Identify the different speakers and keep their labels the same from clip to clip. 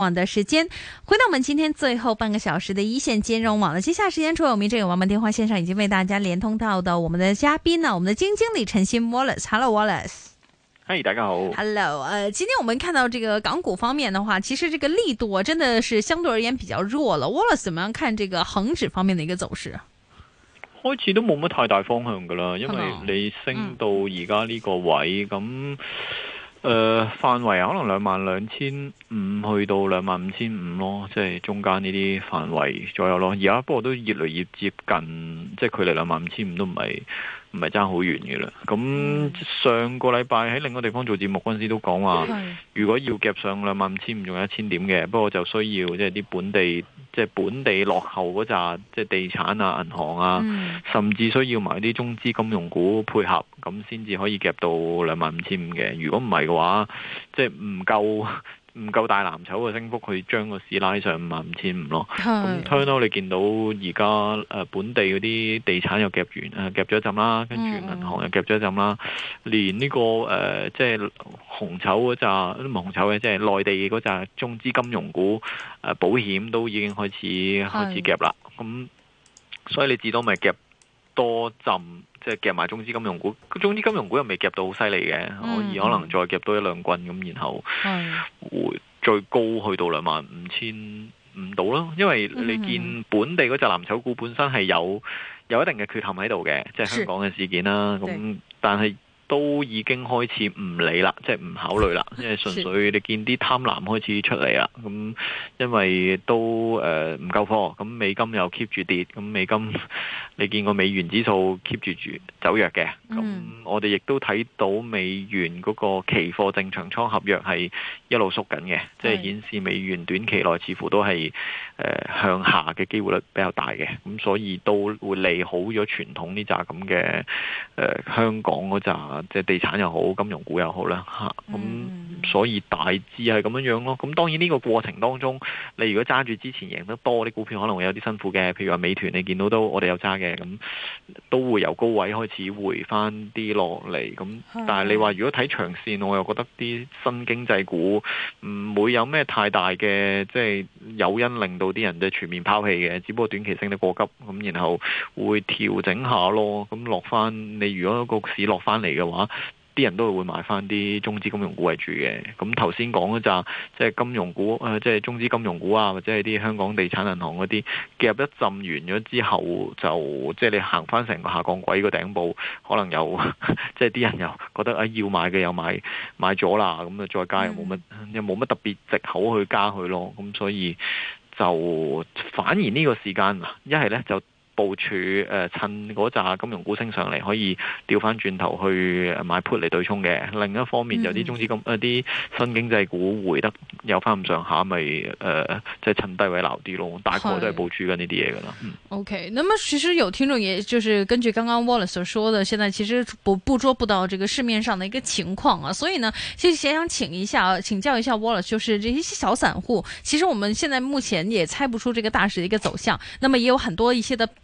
Speaker 1: 網的時間，回到我們今天最後半個小時的一線金融網的接下時間，除了我們這個網麥電話線上已經為大家連通到的我們的嘉賓呢，啊，我們的基金經理陳昕 Wallace，Hello Wallace，
Speaker 2: 嗨，hey, 大家好
Speaker 1: ，Hello，呃，今天我們看到這個港股方面的話，其實這個力度，啊，真的是相對而言比較弱了。Wallace 怎麼樣看這個恆指方面的一個走勢？
Speaker 2: 開始都冇乜太大方向㗎喇，因為你升到而家呢個位咁。Hello? 嗯嗯誒，範圍、呃、可能兩萬兩千五去到兩萬五千五咯，即係中間呢啲範圍左右咯。而家不過都越嚟越接近，即係距離兩萬五千五都唔係唔係爭好遠嘅啦。咁、嗯、上個禮拜喺另一個地方做節目嗰陣時都講話，嗯、是如果要夾上兩萬五千五，仲有一千點嘅，不過就需要即係啲本地。即係本地落後嗰扎，即係地產啊、銀行啊，嗯、甚至需要埋啲中資金融股配合，咁先至可以夾到兩萬五千五嘅。如果唔係嘅話，即係唔夠。唔夠大藍籌嘅升幅，佢將個市拉上五萬五千五咯。咁 turnover 你見到而家誒本地嗰啲地產又夾完，夾咗一陣啦，跟住銀行又夾咗一陣啦，嗯、連呢、呢個誒、呃、即係紅籌嗰扎，啲紅籌嘅即係內地嘅嗰扎中資金融股誒、呃、保險都已經開始開始夾啦。咁是所以你至多咪夾多浸，即係夾埋中資金融股。中資金融股又未夾到好犀利嘅，而、嗯、可能再夾多一兩棍咁，然後。會最高去到兩萬五千五到咯，因為你見本地嗰隻藍籌股本身係有有一定嘅缺陷喺度嘅，即係香港嘅事件啦。咁但係。都已經開始唔理啦，即係唔考慮啦，因為純粹你見啲貪婪開始出嚟啦。咁因為都誒唔夠貨，咁美金又 keep 住跌，咁美金你見過美元指數 keep 住住走弱嘅。咁、嗯、我哋亦都睇到美元嗰個期貨淨長倉合約係一路縮緊嘅，是即係顯示美元短期內似乎都係向下嘅機會率比較大嘅。咁所以都會利好咗傳統呢扎咁嘅誒香港嗰扎。即係地產又好，金融股又好啦，吓咁、嗯啊，所以大致係咁樣樣咯。咁當然呢個過程當中，你如果揸住之前贏得多啲股票，可能會有啲辛苦嘅。譬如話美團，你見到都我哋有揸嘅，咁都會由高位開始回翻啲落嚟。咁的但係你話如果睇長線，我又覺得啲新經濟股唔會有咩太大嘅，即係誘因令到啲人即係全面拋棄嘅，只不過短期升得過急咁，然後會調整下咯。咁落翻，你如果個市落翻嚟嘅。話啲人都係會買翻啲中資金融股為主嘅，咁頭先講嗰陣，即係金融股，誒，即係中資金融股啊，或者係啲香港地產銀行嗰啲，夾一浸完咗之後，就即係你行翻成個下降軌個頂部，可能又即係啲人又覺得啊，要買嘅又買買咗啦，咁啊再加又冇乜，又冇乜特別借口去加佢咯，咁所以就反而呢個時間一係呢，就。部署誒、呃、趁嗰紮金融股升上嚟，可以調翻轉頭去買 put 嚟對沖嘅。另一方面，嗯、有啲中資金、誒、呃、啲新經濟股回得有翻唔上下，咪誒即係趁低位撈啲咯。大概都係部署緊呢啲嘢噶啦。是嗯、
Speaker 1: OK，咁啊，其實有聽眾也就是根據剛剛 Wallace 所說的，現在其實捕捕捉不到這個市面上的一個情況啊，所以呢，其實想請一下啊，請教一下 Wallace，就是這些小散戶，其實我們現在目前也猜不出這個大市嘅一個走向。那麼也有很多一些的。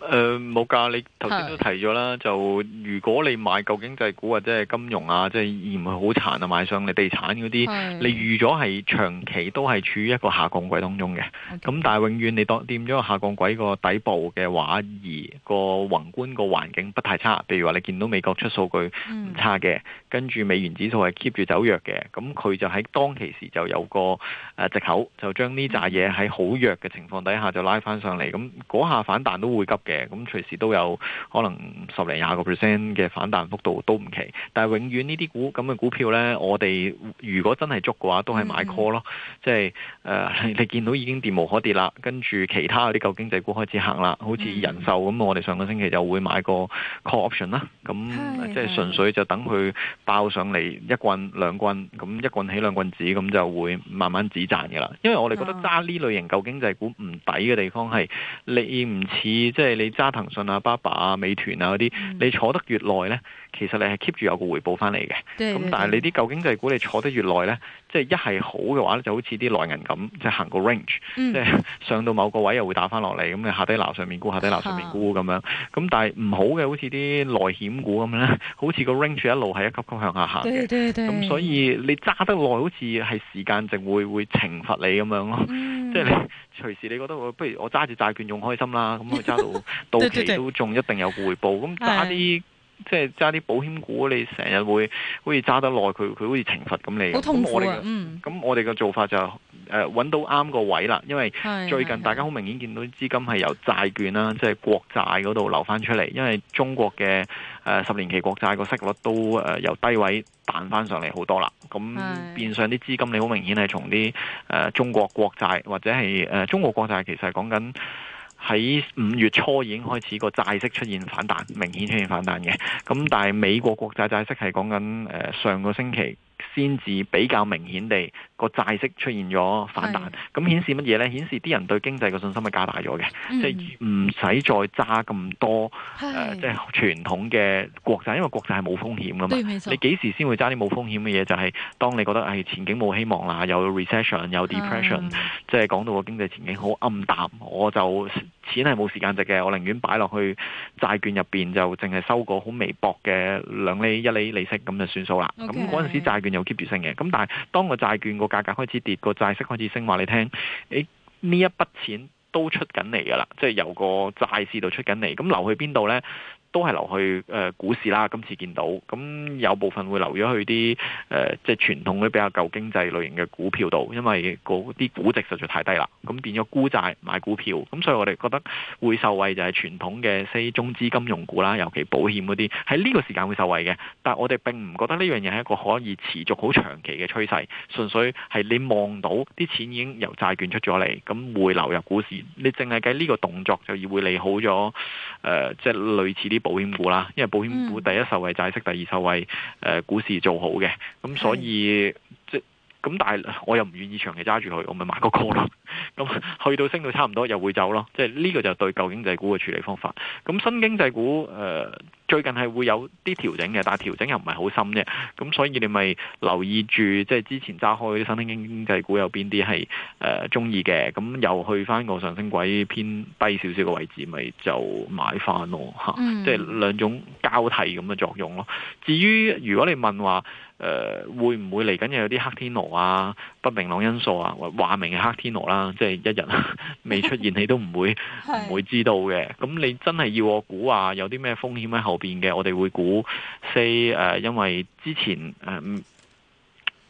Speaker 2: 誒冇㗎，你頭先都提咗啦，是就如果你買舊經濟股或者係金融啊，即係而唔係好殘啊，買上你地產嗰啲，是你預咗係長期都係處於一個下降軌當中嘅。咁 Okay. 但係永遠你當掂咗個下降軌個底部嘅話，而個宏觀個環境不太差，譬如話你見到美國出數據唔差嘅，嗯、跟住美元指數係 keep 住走弱嘅，咁佢就喺當其時就有個誒、呃、藉口，就將呢扎嘢喺好弱嘅情況底下就拉翻上嚟，咁嗰下反彈都會急。嘅咁隨時都有可能十零廿個 percent 嘅反彈幅度都唔奇，但係永遠呢啲股咁嘅股票呢，我哋如果真係捉嘅話，都係買 call 咯，嗯、即係誒、呃、你見到已經跌無可跌啦，跟住其他嗰啲舊經濟股開始行啦，好似人壽咁、嗯、我哋上個星期就會買個 call option 啦、嗯，咁的即係純粹就等佢爆上嚟一棍兩棍，咁一棍起兩棍止咁就會慢慢止賺嘅啦。因為我哋覺得揸呢類型舊經濟股唔抵嘅地方係你唔似即係。就是你揸騰訊啊、巴巴啊、美團啊嗰啲，嗯、你坐得越耐呢，其實你係 keep 住有個回報翻嚟嘅。咁但係你啲舊經濟股，你坐得越耐呢，即係一係好嘅話就好似啲內銀咁，即、就、係、是、行個 range，、嗯、即係上到某個位又會打翻落嚟，咁你下低撈上面沽，下低撈上面沽咁、啊、樣。咁但係唔好嘅，好似啲內險股咁咧，好似個 range 一路係一級級向下行嘅。咁所以你揸得耐，好似係時間值會會懲罰你咁樣咯。嗯。嗯、即係你隨時，你覺得我不如我揸住債券仲開心啦，咁我揸到 到期都仲一定有回報，咁揸啲。即係揸啲保險股，你成日會好似揸得耐，佢佢好似懲罰咁你。好痛苦咁我哋嘅、嗯、做法就誒、是、揾、呃、到啱個位啦，因為最近大家好明顯見到啲資金係由債券啦，即、就、係、是、國債嗰度流翻出嚟，因為中國嘅、呃、十年期國債個息率都、呃、由低位彈翻上嚟好多啦。咁變相啲資金，你好明顯係從啲中國國債或者係中國國債，呃、中國國債其實係講緊。喺五月初已經開始個債息出現反彈，明顯出現反彈嘅。咁但係美國國債債息係講緊誒上個星期，先至比較明顯地個債息出現咗反彈，咁是顯示乜嘢呢？顯示啲人對經濟嘅信心係加大咗嘅，即係唔使再揸咁多誒，即係傳統嘅國債，因為國債係冇風險㗎嘛。你幾時先會揸啲冇風險嘅嘢？就係、是、當你覺得前景冇希望啦，有 recession 有 depression，即係講、嗯、到個經濟前景好暗淡，我就錢係冇時間值嘅，我寧願擺落去債券入邊，就淨係收個好微薄嘅兩厘一厘利息咁就算數啦。咁嗰 okay, 時債券又 keep 住升嘅，咁但係當個債券個價格開始跌，個債息開始升，話你聽，誒呢一筆錢都出緊嚟㗎啦，即係由個債市度出緊嚟，咁流去邊度呢？都係留去誒、呃、股市啦，今次見到咁有部分會留咗去啲誒、呃、即係傳統啲比較舊經濟類型嘅股票度，因為嗰啲股值實在太低啦，咁變咗沽債買股票，咁所以我哋覺得會受惠就係傳統嘅四中資金融股啦，尤其保險嗰啲喺呢個時間會受惠嘅，但係我哋並唔覺得呢樣嘢係一個可以持續好長期嘅趨勢，純粹係你望到啲錢已經由債券出咗嚟，咁會流入股市，你淨係計呢個動作就而會利好咗誒、呃，即係類似啲，保險股啦，因為保險股第一受惠債息，第二受惠誒股市做好嘅，咁所以。咁但係我又唔願意長期揸住佢，我咪買個 call 囉。咯。咁去到升到差唔多又會走咯。即係呢個就對舊經濟股嘅處理方法。咁新經濟股誒、呃、最近係會有啲調整嘅，但係調整又唔係好深啫。咁所以你咪留意住，即係之前揸開啲新興經,經濟股有邊啲係誒中意嘅。咁、呃、又去翻個上升軌偏低少少嘅位置，咪就買翻咯、mm. 即係兩種交替咁嘅作用咯。至於如果你問話，誒、呃，會唔會嚟緊又有啲黑天鵝啊、不明朗因素啊，話明係黑天鵝啦？即、就、係、是、一日未出現，你都唔會唔 是會知道嘅。咁你真係要我估啊，有啲咩風險喺後邊嘅？我哋會估四誒，因為之前誒、呃，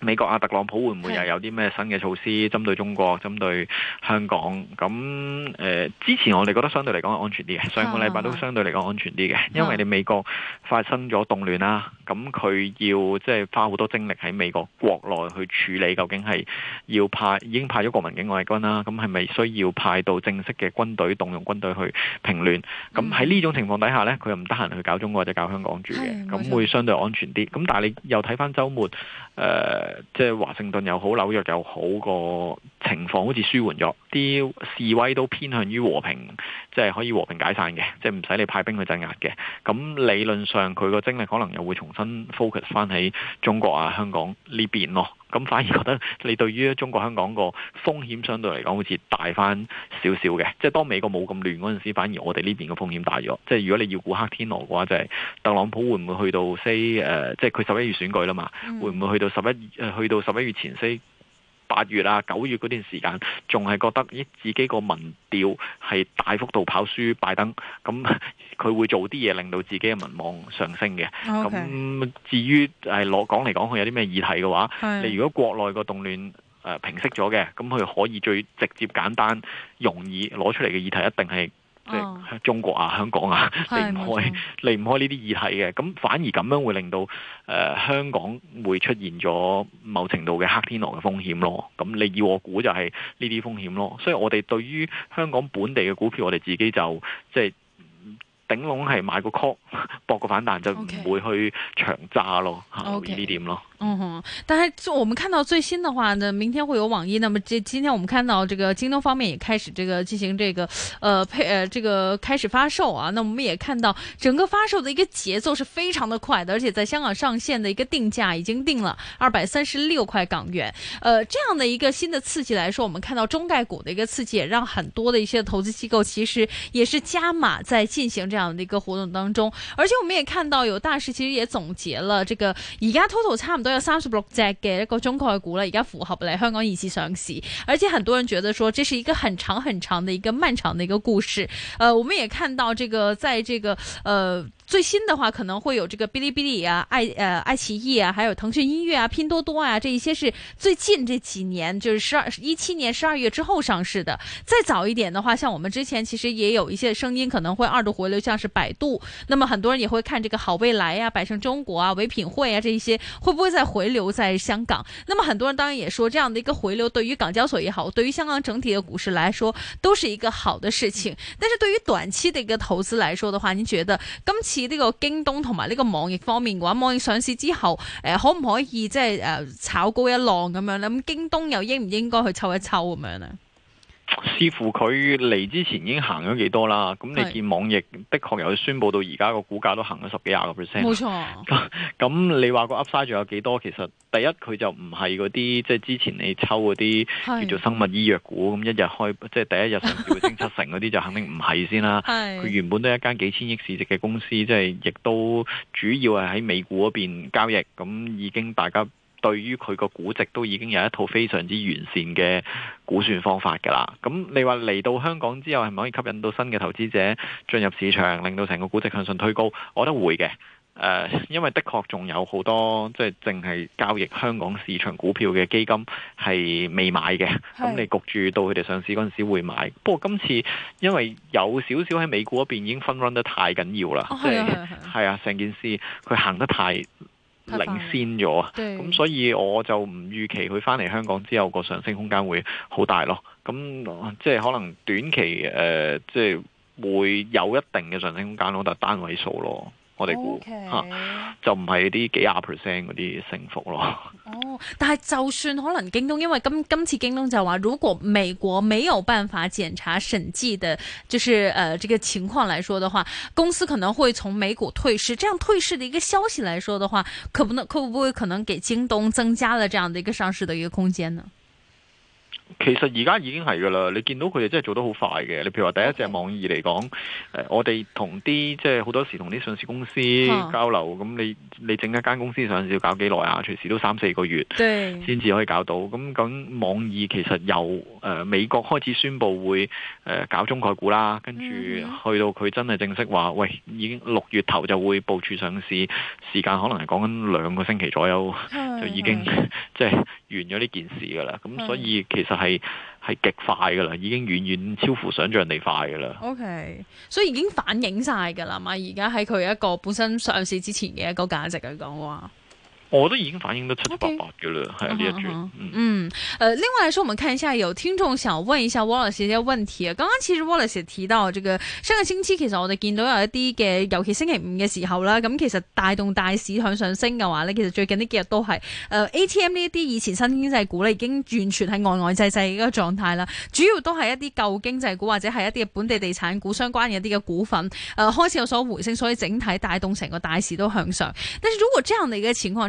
Speaker 2: 美國啊，特朗普會唔會又有啲咩新嘅措施針對中國、針對香港？咁誒、呃，之前我哋覺得相對嚟講係安全啲嘅，上個禮拜都相對嚟講安全啲嘅， 因為你美國發生咗動亂啦、啊。咁佢要即係花好多精力喺美國國內，去處理，究竟係要派已經派咗國民警衛軍啦，咁係咪需要派到正式嘅軍隊動用軍隊去平亂？咁喺呢種情況底下咧，佢、嗯、又唔得閒去搞中國或者搞香港住嘅，咁的會相對安全啲。咁錯但係你又睇翻周末，誒、呃，即係華盛頓又好，紐約又好個情況好，好似舒緩咗，啲示威都偏向於和平，即、就、係、是、可以和平解散嘅，即係唔使你派兵去鎮壓嘅。咁理論上佢個精力可能又會重。分 focus 翻喺中國啊香港呢邊咯，咁反而覺得你對於中國香港個風險相對嚟講好似大翻少少嘅，即係當美國冇咁亂嗰陣時，反而我哋呢邊個風險大咗。即係如果你要估黑天鵝嘅話，就係、是、特朗普會唔會去到 say、uh, 即係佢十一月選舉啦嘛，嗯、會唔會去到十一月去到十一月前夕？八月啊，九月嗰段時間，仲係覺得咦，自己個民調係大幅度跑輸拜登，咁佢會做啲嘢令到自己嘅民望上升嘅。咁 Okay. 至於誒攞講嚟講去有啲咩議題嘅話，的你如果國內個動亂誒平息咗嘅，咁佢可以最直接、簡單、容易攞出嚟嘅議題一定係。即係中國啊、哦、香港啊，是離唔開錯離唔開呢啲議題嘅，咁反而咁樣會令到誒、呃、香港會出現咗某程度嘅黑天鵝嘅風險咯。咁你要我估就係呢啲風險咯。所以我哋對於香港本地嘅股票，我哋自己就即係、就係、頂籠係買個 call。搏個反彈就唔會去長揸咯，Okay. 留意呢點咯。嗯哼，
Speaker 1: 但是就我們看到最新的話呢，呢明天會有網易。那麼今今天我們看到這個京東方面也開始這個進行這個，呃配、呃，這個開始發售啊。那我們也看到整個發售的一個節奏是非常的快的，而且在香港上線的一個定價已經定了二百三十六塊港元。呃，這樣的一個新的刺激來說，我們看到中概股的一個刺激，也讓很多的一些投資機構其實也是加碼在進行這樣的一個活動當中，而且。我們也看到有大師其實也總結了這個而家 total 差唔多有三十六隻嘅一個中概股啦，而家符合來香港二次上市，而且很多人覺得說這是一個很長很長的一個漫長的一個故事。呃，我們也看到這個，在這個，呃最新的話可能會有這個嗶哩嗶哩啊，愛呃愛奇藝啊，還有騰訊音樂啊，拼多多啊，這一些是最近這幾年，就是十二一七年十二月之後上市的。再早一點的話，像我們之前其實也有一些聲音可能會二度回流，像是百度，那麼很多人也。會看這個好未來呀、啊、百勝中國啊、唯品會啊這一些會不會再回流在香港？那麼很多人當然也說，這樣的一個回流對於港交所也好，對於香港整體的股市來說都是一個好的事情。嗯，但是對於短期的一個投資來說的話，您覺得今次呢個京東同埋呢個網易方面的話，網易上市之後，誒可唔可以即係誒炒高一浪咁樣咧？咁京東又應唔應該去抽一抽咁樣呢？
Speaker 2: 似乎佢嚟之前已經行咗幾多啦，咁你見網易的確由佢宣布到而家個股價都行咗十幾廿錯 個 percent。冇錯。咁你話個 Upside 仲有幾多？其實第一佢就唔係嗰啲，即係之前你抽嗰啲叫做生物醫藥股，咁一日開，即係第一日上升七成嗰啲，就肯定唔係先啦。佢 是原本都係一間幾千億市值嘅公司，即係亦都主要係喺美股嗰邊交易，咁已經大家。對於佢個估值都已經有一套非常之完善嘅估算方法㗎啦。咁你話嚟到香港之後，係咪可以吸引到新嘅投資者進入市場，令到成個估值向上推高？我覺得會嘅、呃。因為的確仲有好多即係淨係交易香港市場股票嘅基金係未買嘅。係是。咁、嗯、你焗住到佢哋上市嗰陣時會買。不過今次因為有少少喺美股嗰邊已經 front run 得太緊要啦。係係、哦、是啊，成件事佢行得太。領先咗啊，咁對所以我就唔預期佢返嚟香港之後個上升空間會好大咯。咁、呃、即係可能短期、呃、即係會有一定嘅上升空間咯，但係單位數咯。我哋估吓 Okay.、啊，就唔係啲幾廿 percent 嗰啲升幅咯。哦
Speaker 1: ，oh，但係就算可能京東，因為今今次京東就話，如果美國沒有辦法檢查審計的，就是誒、呃、這個情況來說的話，公司可能會從美股退市。這樣退市的一個消息來說的話，可不能可唔會可能給京東增加了這樣的一個上市的一個空間呢？
Speaker 2: 其實而家已經係噶啦，你見到佢哋真係做得好快嘅。你譬如話第一隻網易嚟講，誒的、呃，我哋同啲即係好多時同啲上市公司交流，咁、啊、你你整一間公司上市要搞幾耐啊？隨時都三四個月先至可以搞到。咁咁對網易其實由誒、呃、美國開始宣布會誒、呃、搞中概股啦，跟住去到佢真係正式話，嗯、哼喂，已經六月頭就會部署上市，時間可能係講緊兩個星期左右的 就已經即係。是的 就是完咗呢件事噶啦，咁所以其實係係極快噶啦，已經遠遠超乎想像地快噶啦。
Speaker 1: OK，所以已經反映晒噶啦嘛，而家喺佢一個本身上市之前嘅一個價值嚟講話。
Speaker 2: 我都已經反應得七七八八
Speaker 1: 噶啦，係呢 Okay 一轉，啊啊啊嗯，誒、嗯呃，另外來說，我們看一下有聽眾想問一下 Wallace 一些問題。剛剛其實 Wallace 提到我哋嘅個星期，星期其實我哋見到有一啲嘅，尤其星期五嘅時候啦，咁其實帶動大市向上升嘅話呢，其實最近呢幾日都係、呃、ATM 呢一啲以前新經濟股呢已經完全係烏烏滯滯嘅一個狀態啦。主要都係一啲舊經濟股或者係一啲本地地產股相關嘅一啲嘅股份，誒、呃、開始有所回升，所以整體帶動成個大市都向上。但是如果這樣嚟嘅情況，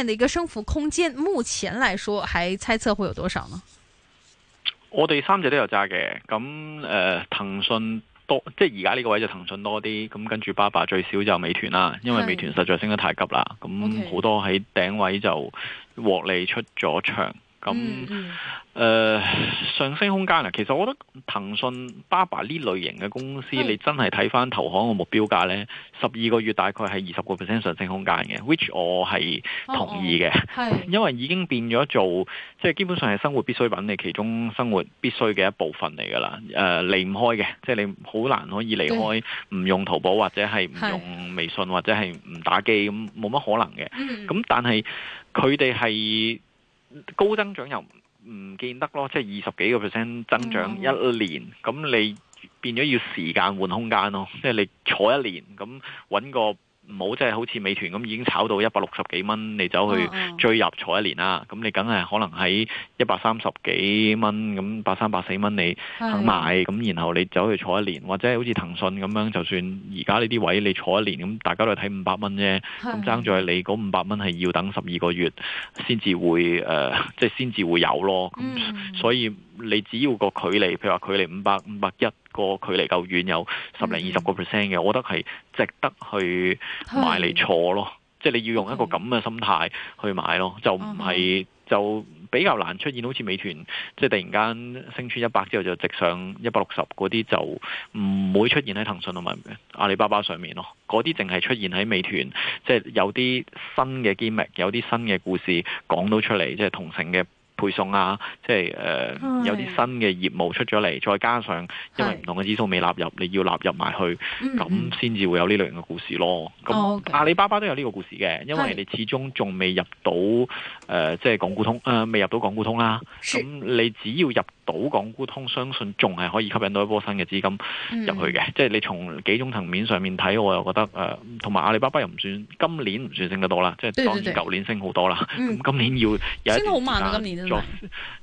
Speaker 1: 的一個升幅空間，目前來說，還猜測會有多少呢？
Speaker 2: 我哋三隻都有揸嘅，咁誒，騰、呃、訊多，即係而家呢個位就騰訊多啲，咁跟住，巴巴最少就美團啦，因為美團實在升得太急啦，咁好、嗯、多喺頂位就獲利出咗場。咁誒那、嗯呃、上升空間啊！其實我覺得騰訊 Baba 呢類型嘅公司，是你真係睇翻投行嘅目標價咧，十二個月大概係二十個 percent 上升空間嘅，which 我係同意嘅。哦哦、因為已經變咗做，即、就、係、是、基本上係生活必需品，你其中生活必須嘅一部分嚟㗎啦。誒、呃，離唔開嘅，即、就、係、是、你好難可以離開唔用淘寶、嗯、或者係唔用微信是或者係唔打機咁，冇乜可能嘅。咁、嗯、但係佢哋係。高增長又唔見得咯，即係二十幾個 percent 增長、嗯、一年，咁你變咗要時間換空間咯，即係你坐一年咁揾個。唔好即係好似美團咁已經炒到一百六十幾蚊，你走去追入坐一年啦。咁、哦哦、你梗係可能喺一百三十幾蚊，咁百三百四蚊你肯買，咁是然後你走去坐一年，或者好似騰訊咁樣，就算而家呢啲位你坐一年，咁大家都係睇五百蚊啫。咁爭是在你嗰五百蚊係要等十二個月先至會誒即係先至會有咯。所以你只要個距離譬如話距離五百五百一。個距離夠遠，有十零二十個 percent 嘅，的 mm hmm. 我覺得係值得去買嚟坐咯。Yes. 即係你要用一個咁嘅心態去買咯，Okay. 就唔係就比較難出現。好似美團，mm hmm. 即係突然間升穿一百之後就直上一百六十嗰啲，就唔會出現喺騰訊同埋阿里巴巴上面咯。嗰啲淨係出現喺美團、mm hmm.，即係有啲新嘅 gimmick，有啲新嘅故事講到出嚟，即係同城嘅。配送啊，即係誒、呃、Yes. 有啲新嘅業務出咗嚟，再加上因為唔同嘅指數未納入，Yes. 你要納入埋去，咁先至會有呢類型嘅故事咯。咁阿里巴巴都有呢個故事嘅，因為你始終仲未入到誒、呃、即係港股通誒、呃、未入到港股通啦。咁 Yes. 你只要入。賭港股通相信仲係可以吸引到一波新嘅資金入去嘅。嗯、即係你從幾種層面上面睇，我又覺得同埋、呃、阿里巴巴又唔算今年唔算升得多啦，即係當然舊年升好多啦。咁、嗯、今年要有啲時、啊、慢再、啊、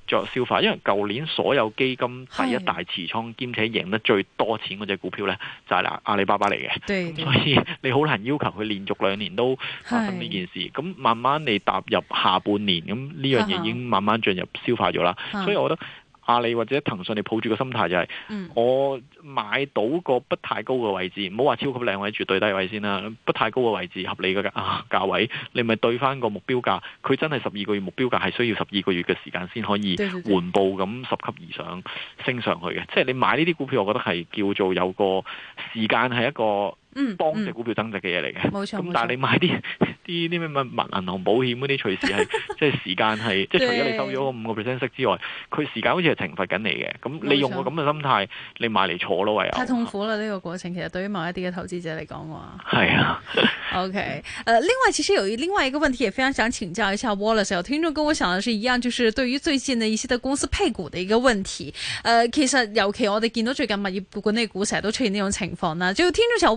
Speaker 2: 再消化，因為舊年所有基金第一大持倉，兼是且贏得最多錢嗰隻股票呢，就係、是、阿里巴巴嚟嘅，咁所以你好難要求佢連續兩年都發生呢件事。咁是慢慢你踏入下半年，咁呢樣嘢已經慢慢進入消化咗啦，是是所以我覺得。阿里或者騰訊，你抱住個心態就係，我買到個不太高嘅位置，唔好話超級靚位、絕對低位先啦。不太高嘅位置，合理嘅價、啊、位，你咪對翻個目標價，佢真係十二個月目標價，係需要十二個月嘅時間先可以緩步咁十級以上升上去嘅。即、就、係、是、你買呢啲股票，我覺得係叫做有個時間係一個。嗯，幫隻股票增值嘅嘢嚟嘅，冇
Speaker 1: 錯，嗯。咁但係你買啲
Speaker 2: 啲啲咩乜銀行保險嗰啲，隨 時係對即係時間係，即係除咗你收咗個五個 percent 息之外，佢時間好似係懲罰緊你嘅。咁錯你用個咁嘅心態，你買嚟坐咯，唯有。太
Speaker 1: 痛苦啦！呢個過程其實對於某一啲嘅投資者嚟講嘅話，係啊。OK，誒、 呃，另外其實有另外一個問題，也非常想請教一下 Wallace。有聽眾跟我想嘅是一樣，就是對於最近嘅一些嘅公司配股嘅一個問題。誒、呃，其實尤其我哋見到最近物業的股、管理股成日都出現呢種情況啦。就聽眾想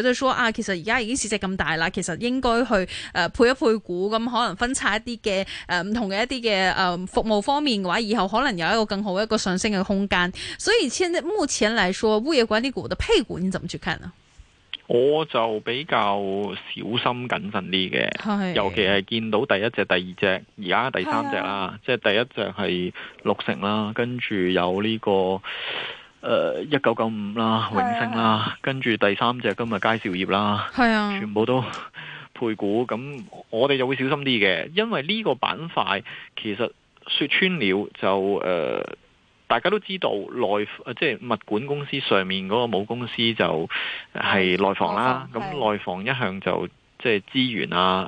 Speaker 1: 覺得說啊，其實而家已經市值咁大啦，其實應該去誒、呃、配一配股，咁可能分拆一啲嘅誒唔同嘅一啲嘅誒服務方面嘅話，以後可能有一個更好一個上升嘅空間。所以現在目前來說，物業管理股的配股，你怎麼去看呢？
Speaker 2: 我就比較小心謹慎啲嘅，是的尤其係見到第一隻、第二隻，而家第三隻啦，是的即係第一隻係六成啦，跟住有呢、這個。誒一九九五啦，是啊、永升啦，是啊、跟住第三隻今日佳兆業啦，是啊，全部都配股，咁我哋就會小心啲嘅，因為呢個板塊其實説穿了就、呃、大家都知道內、誒、即係物管公司上面嗰個母公司就係內房啦，咁內是、啊、房一向就即係資源啊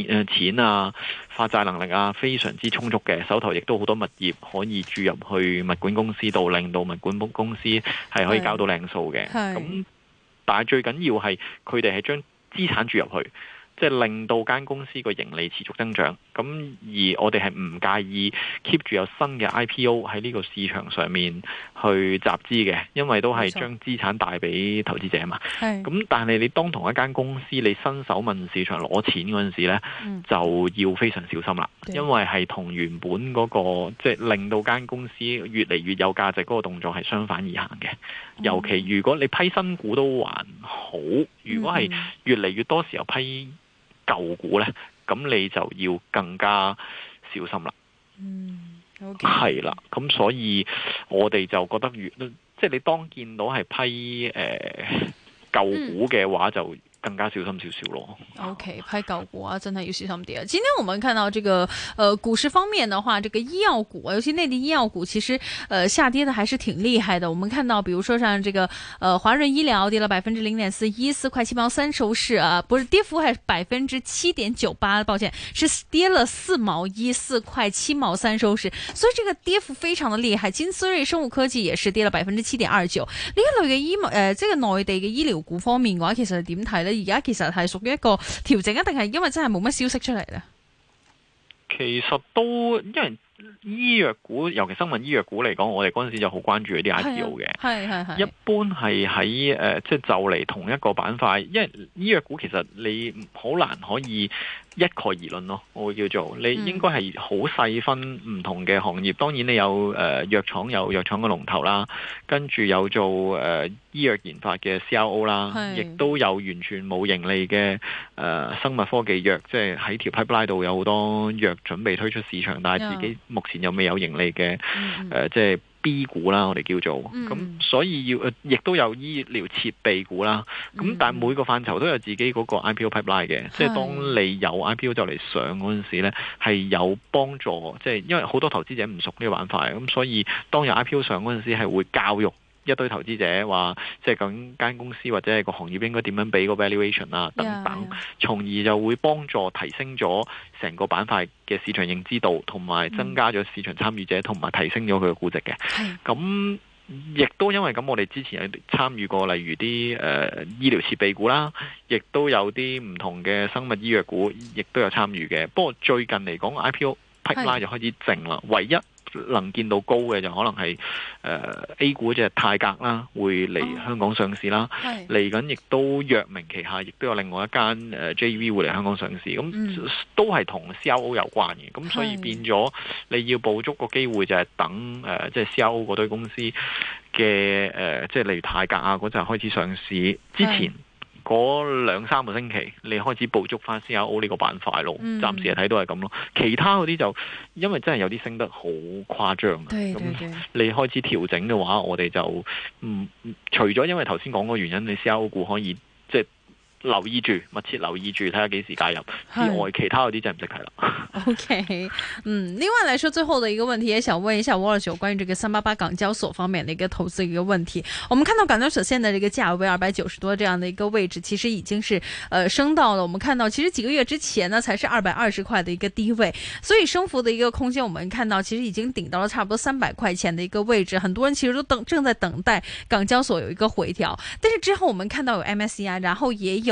Speaker 2: 熱錢啊，發債能力啊，非常之充足嘅，手頭亦都好多物業可以注入去物管公司度，令到物管公司係可以搞到靚數嘅。咁是，但係最緊要係佢哋係將資產注入去，即係令到間公司個盈利持續增長。咁而我哋係唔介意 keep 住有新嘅 IPO 喺呢個市場上面去集資嘅，因為都係將資產帶俾投資者嘛。咁錯，但係你當同一間公司你伸手問市場攞錢嗰陣時咧，嗯、就要非常小心啦，對因為係同原本嗰、嗰個即係、即係、令到間公司越嚟越有價值嗰個動作係相反而行嘅。嗯、尤其如果你批新股都還好，如果係越嚟越多時候批舊股咧，咁你就要更加小心啦。嗯，係、okay. 啦。咁所以我哋就覺得越，即係你當見到係批誒舊、呃、股嘅話就。嗯更加小心
Speaker 1: 少少咯。OK，拍搞股啊，真係有少少跌。今天我們看到這個，呃，股市方面的話，這個醫藥股，尤其內地醫藥股，其實，呃，下跌的還是挺厲害的。我們看到，比如說像這個，呃，華潤醫療跌了百分之零點四一，四塊七毛三收市啊，不是跌幅，係百分之七點九八，抱歉，是跌了四毛一，四塊七毛三收市，所以這個跌幅非常的厲害。金斯瑞生物科技也是跌了百分之七點二九，呢一類嘅醫物，呃，這個、內地嘅醫療股方面嘅話，其實點睇咧？而家其實係屬於一個調整，一定係因為真係冇乜消息出嚟咧。
Speaker 2: 其實都因為醫藥股，尤其生物醫藥股嚟講，我哋嗰陣時就好關注嗰啲 IPO 嘅。是啊、是是是，
Speaker 1: 一般係
Speaker 2: 喺誒，即、呃、係就嚟同一個板塊，因為醫藥股其實你好難可以。一概而論咯，我會叫做你應該係好細分唔同嘅行業。嗯、當然你有誒、呃、藥廠有藥廠嘅龍頭啦，跟住有做誒、呃、醫藥研發嘅 CRO 啦，亦是都有完全冇盈利嘅誒、呃、生物科技藥，即係喺條 pipeline 度有好多藥準備推出市場，嗯、但係自己目前又未有盈利嘅誒，即係、嗯。呃即係 B 股啦，我哋叫做，咁、嗯、所以要亦都有醫療設備股啦，咁、嗯、但係每個範疇都有自己嗰個 IPO pipeline 嘅，嗯、即係當你有 IPO 就嚟上嗰陣時咧，係有幫助，即係因為好多投資者唔熟呢個玩法，咁所以當有 IPO 上嗰陣時係會教育。一堆投資者話，即係究竟間公司或者係個行業應該點樣俾個 valuation 啊等等，從 Yeah, yeah. 而就會幫助提升咗成個板塊嘅市場認知度，同埋增加咗市場參與者，同埋、mm. 提升咗佢嘅估值嘅。咁亦都因為咁，我哋之前有參與過例如啲誒、呃、醫療設備股啦，亦都有啲唔同嘅生物醫藥股，亦都有參與嘅。不過最近嚟講 IPO pipeline 就開始靜啦，唯一。能見到高嘅就可能係誒、呃、A 股隻泰格啦，會嚟香港上市啦，嚟緊亦都藥明旗下亦都有另外一間誒 JV 會嚟香港上市，咁、嗯、都係同 CRO 有關嘅，咁所以變咗你要捕捉個機會就係等誒，即係 CRO 嗰堆公司嘅誒，即、呃、係、就是、例如泰格啊嗰陣開始上市之前，嗰兩三個星期，你開始捕捉返 CIO 呢個板塊咯。嗯、暫時嚟睇都係咁咯，其他嗰啲就因為真係有啲升得好誇張，咁對你開始調整嘅話，我哋就唔除咗因為頭先講個原因，你 CIO 股可以即係留意住，密切留意住，睇下幾時加入。之外，其他嗰啲真係唔識睇啦。
Speaker 1: OK，嗯，另外來說，最後的一個問題，也想問一下 Wallace 關於這個三八八港交所方面的一個投資一個問題。我們看到港交所現在這個價位二百九十多這樣的一個位置，其實已經是，呃，升到了。我們看到，其實幾個月之前呢，才是二百二十塊的一個低位，所以升幅的一個空間，我們看到其實已經頂到了差不多三百塊錢的一個位置。很多人其實都等，正在等待港交所有一個回調。但是之後，我們看到有 M S C I，然後也有。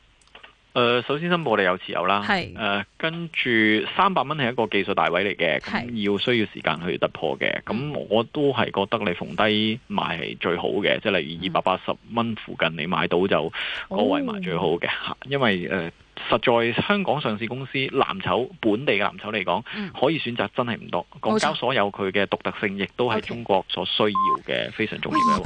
Speaker 2: 誒、呃，首先申報我哋有持有啦，誒是，跟住三百蚊係一個技術大位嚟嘅，是要需要時間去突破嘅，咁、嗯、我都係覺得你逢低買最好嘅，即係、嗯、例如二百八十蚊附近你買到就嗰位買最好嘅，哦、因為誒、呃、實在香港上市公司藍籌本地嘅藍籌嚟講，嗯、可以選擇真係唔多，港交所有佢嘅獨特性，亦都係中國所需要嘅、嗯、非常重要。哦